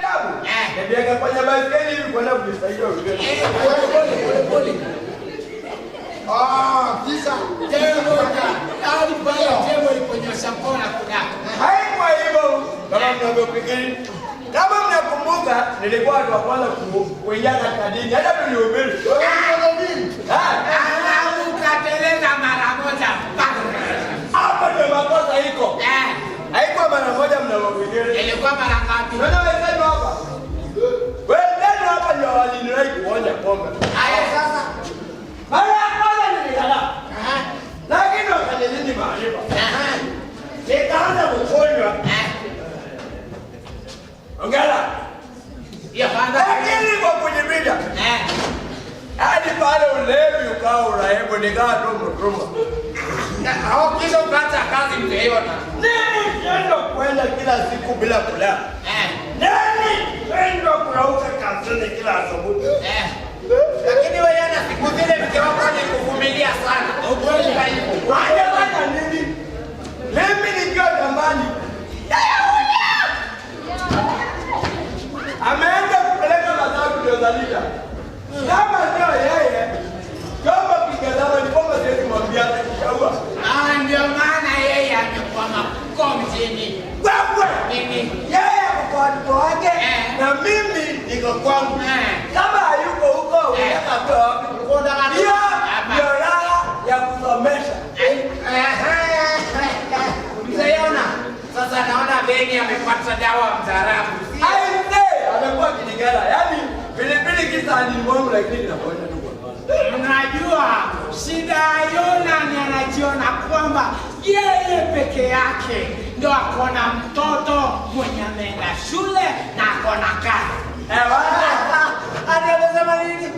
Niliweka kwenye Haikuwa hivyo. Kama mnavyofikiri. Kama mnakumbuka nilikuwa wa kwanza kuingia katika dini. Hata tulihubiri. ukateleza mara moja. Hapa ndio makosa iko. Haikuwa mara moja mnavyofikiri. Ilikuwa mara ngapi? pale ulevi ukawa uraibu, nikawa tu mtumwa. Kisha ukata kazi mteyona nini kendo kwenda kila siku bila kulala, eh. nini tendo kurauka kazini kila asubuhi eh. lakini wewe yana siku zile mke wako alikuvumilia sana. Ukweli Wanafanya nini? Mimi nikiwa nyumbani, ameenda kupeleka mazao ndio zalita lakini amepata dawa mtaarabu. Amekuwa kinigala, yaani pilipili kisa ni mwangu, lakini inapoenda tu. Mnajua shida ya Yona ni anajiona kwamba yeye peke yake ndio akona mtoto mwenye ameenda shule na akona kazi. Ewa, eh, anasema nini?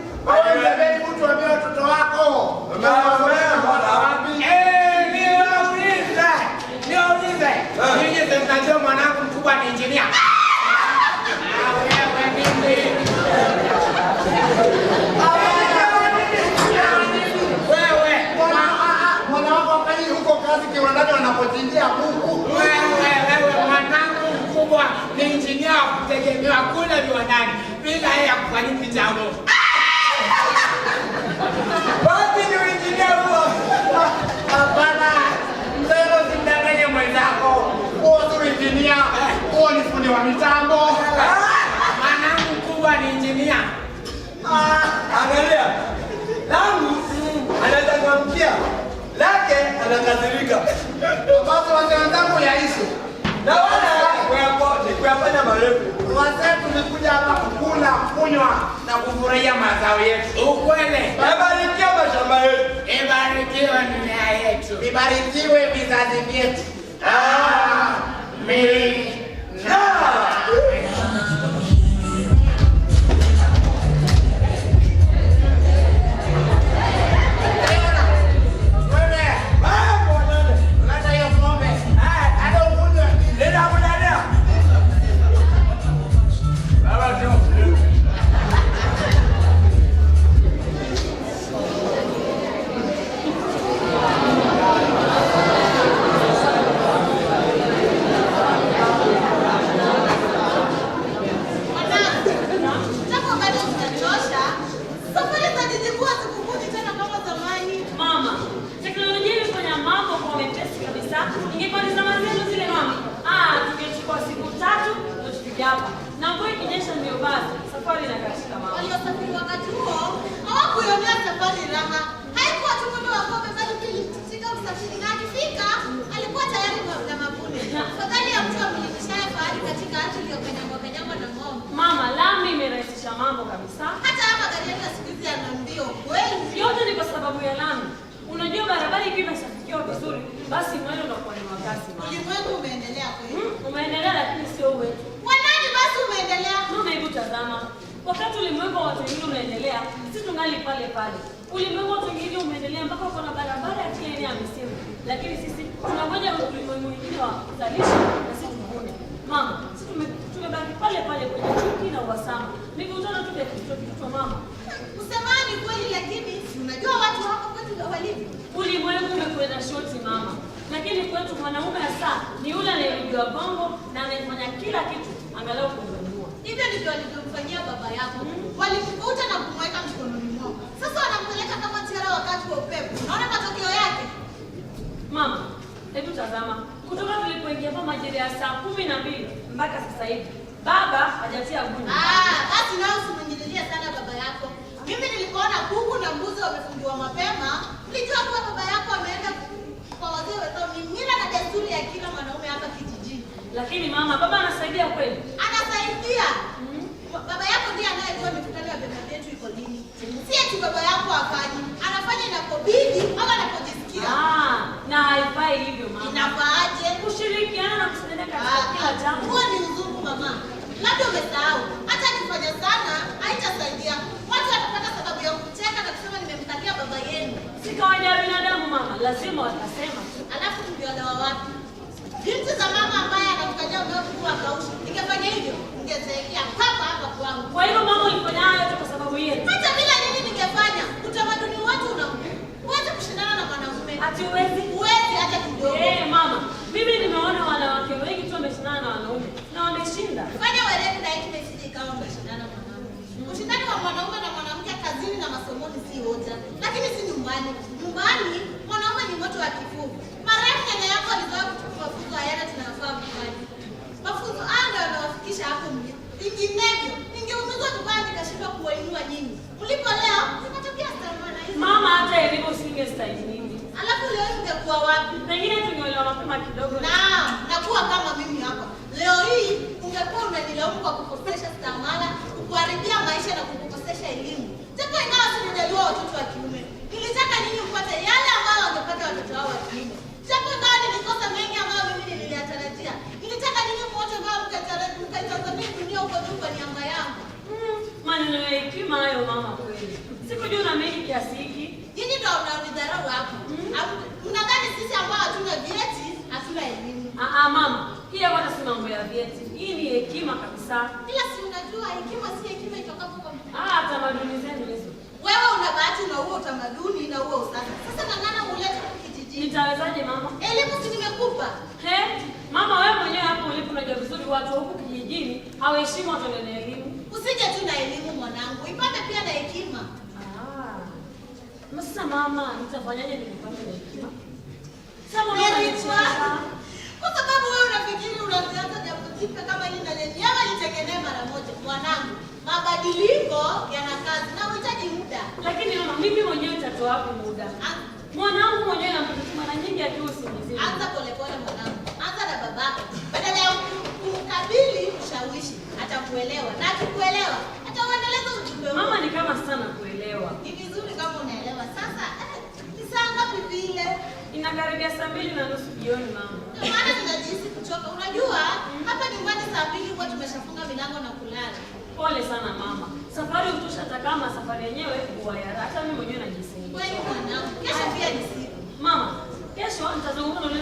mitambo, mwanangu kubwa ni injinia. Ah, angalia langu anachangamkia lake anakasirika, ambazo ya yaishi na wala ni kuyafanya marefu. Wazee tumekuja hapa kukula, kunywa na kufurahia mazao yetu. Ukweli, ibarikiwe mashamba yetu, ibarikiwe mimea yetu, ibarikiwe vizazi vyetu. Ah, Amen. habari raha. Haikuwa tu mwendo wa pombe bali kilitika usafiri na akifika alikuwa tayari na mavune. Fadhali ya mtu amilinishaye fahari katika hati iliyokanyagwa kanyagwa na ng'ombe. Mama, lami imerahisisha mambo kabisa. Hata hapa magari yetu siku hizi yana mbio kweli. Yote ni kwa sababu ya lami. Unajua barabara ikiwa imeshafikiwa vizuri, basi mwendo unakuwa ni wa kasi. Ulimwengu umeendelea kweli. Hmm, umeendelea lakini sio wetu. Wanani basi umeendelea? Mama, hebu tazama. Wakati ulimwengu wa watu wengine unaendelea, sisi tungali pale pale. Ulimwengu wa pengine umeendelea mpaka uko na barabara ya kila aina ya misimu, lakini sisi tunangoja ulimwengu mwingine wa kuzalisha na sisi tuvune. Mama, sisi tumebaki pale pale kwenye chuki na uhasama, mivutano tu vya kitoto kitoto. Mama, usemani kweli, lakini unajua watu wako kwetu walivyo. Ulimwengu umekwenda shoti mama, lakini kwetu mwanaume hasa ni yule anayejua bongo na anayefanya kila kitu angalau kumwenua. Hivyo ndivyo walivyomfanyia baba yako, hmm? walimvuta na kumweka mkononi mwako kupiga upepo. Unaona matokeo yake? Mama, hebu tazama kutoka tulipoingia hapa majira ya saa kumi na mbili mpaka sasa hivi baba hajatia gugu. Ah, basi nao usimwingililie sana baba yako. Mimi nilikuona kuku na mbuzi wamefungiwa mapema, nilijua kuwa baba yako ameenda kwa wazee wetu. Mila na desturi ya kila mwanaume hapa kijijini. Lakini mama, baba anasaidia kweli? Anasaidia. Mm. lazima watasema. Alafu ndio wapi? Binti za mama ambaye anakutania unaokuwa kausha. Ningefanya hivyo, ningezeekea hapa hapa kwangu. Kwa hivyo mama ulifanya hayo kwa sababu yeye. Hata bila nini ningefanya? Utamaduni wetu una uweze kushindana na mwanamume. Ati uwezi? hata kidogo. Eh, mama. Mimi nimeona wanawake wengi tu wameshindana na wanaume na wameshinda. Fanya wewe na hiki mesiji kama umeshindana na mwanaume. Ushindani wa mwanaume na mwanamke kazini na masomoni si hoja. Lakini si nyumbani. Nyumbani wa kifuvu. Marehemu nyanya yako alizoea kuchukua mafunzo hayana tunayofaa kufanya. Mafunzo haya ndio yanawafikisha hapo mlipo. Vinginevyo ningeuzuzwa vibaya nikashindwa kuwainua nyinyi. Mlipo leo nikatokea sana hizi. Mama hata elimu usingestahili nyingi. Alafu leo ningekuwa wapi? Pengine tungeolewa mapema kidogo. Naam, nakuwa kama mimi hapa. Leo hii ungekuwa unanilaumu kwa kukosesha stamina, kukuharibia maisha na kukukosesha elimu. Japo ingawa tunajaliwa watoto Sikujua una mengi kiasi hiki. Nyinyi ndio mnajidharau hapo. Mnadhani hmm? sisi ambao hatuna vyeti, hatuna elimu. Ah ah, mama, ile bwana si mambo ya vyeti. Hii ni hekima kabisa. Ila si unajua hekima si hekima itokapo kwa mtu. Ah, tamaduni zenu hizo. Wewe una bahati na huo utamaduni na huo usasa. Sasa nangana ulete kijijini. Nitawezaje mama? Elimu si nimekupa. He? Mama wewe mwenyewe hapo ulipo unajua vizuri watu huku kijijini hawaheshimu watu wenye elimu. Usije tu na elimu mwanangu. Ipate pia na hekima. Sasa mama, nitafanyaje nikupate hekima? Yaani kwa sababu wewe unafikiri unazianza jambo jipya kama hili na nini? Yama litegemee mara moja mwanangu. Mabadiliko yana kazi na unahitaji muda. Lakini mama, mimi mwenyewe nitatoa hapo muda. Ah. Mwanangu mwenyewe anamtuma mbili na nusu jioni mama. Ndio maana tunajihisi kuchoka. Unajua hapa nyumbani saa mbili huwa tumeshafunga milango na kulala. Pole sana mama, safari utosha, hata kama safari yenyewe huwa ya raha. Hata mimi mwenyewe najisikia kweli. mwanangu. Kesho pia ni siku mama, kesho nitazungumza